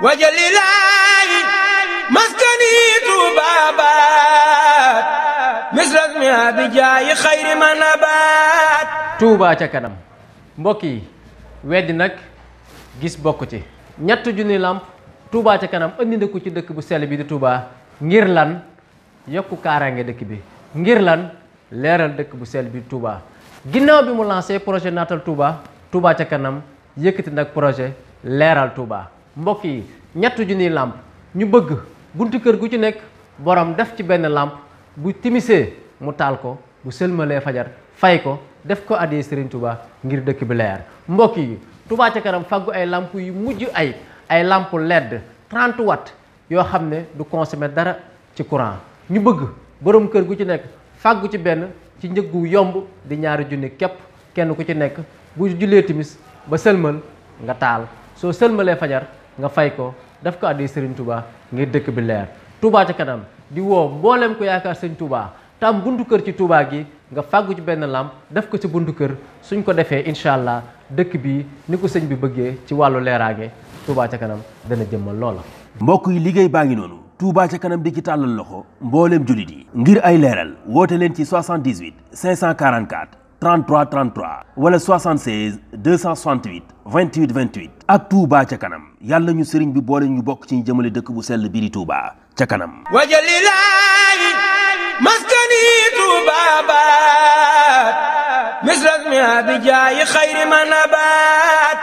wajalilaayi maskani tuubaabaat misras mi abijaayi xayri man abaat tuubaa ca kanam mbokk yi weddi nag gis bokk ci ñett junni làmp tuubaa ca kanam andi na ko ci dëkk bu sell bi di tuubaa ngir lan yokku kaaraange dëkk bi ngir lan leeral dëkk bu sell bi tuubaa ginnaaw bi mu lancé projet naatal tuubaa tuubaa ca kanam yëkkati nag projet leeral tuubaa mbokk yi ñett junniy làmp ñu bëgg buntu kër gu ci nekk borom def ci benn làmp bu timisee mu taal ko bu sëlmalee fajar fay ko def ko addee Serigne Touba ngir dëkk bi leer mbokk yi Touba ci kanam faggu ay làmp yu mujj ay ay làmp LED 30 watt yoo xam ne du consommer dara ci courant ñu bëgg borom kër gu ci nekk faggu ci benn ci njëg yomb di ñaari junni képp kenn ku ci nekk bu jullee timis ba sëlmal nga taal soo sëlmalee fajar nga fay ko daf ko addi Serigne Touba ngir dëkk bi leer Touba ca kanam di woo mboolem ko yaakaar Serigne Touba tam buntu kër ci Touba gi nga fàggu ci benn làmp def ko ci buntu kër suñ ko defee incha allah dëkk bi ni ko sëñ bi bëggee ci wàllu leeraange Touba ca kanam dana jëmmal loola. mbokk yi liggéey baa ngi noonu. Touba ca kanam di ci tàllal loxo mbooleem jullit yi. ngir ay leeral woote leen ci 78 544 33 33 wala 76 268 28 28 ak Touba ca kanam. yàlla ñu sëriñ bi boole ñu bokk ci ñu jëmale dëkk bu sell biri Touba ca kanam wajalilaahi maskani Touba baat misras mi abijaayi xayri ma nabaat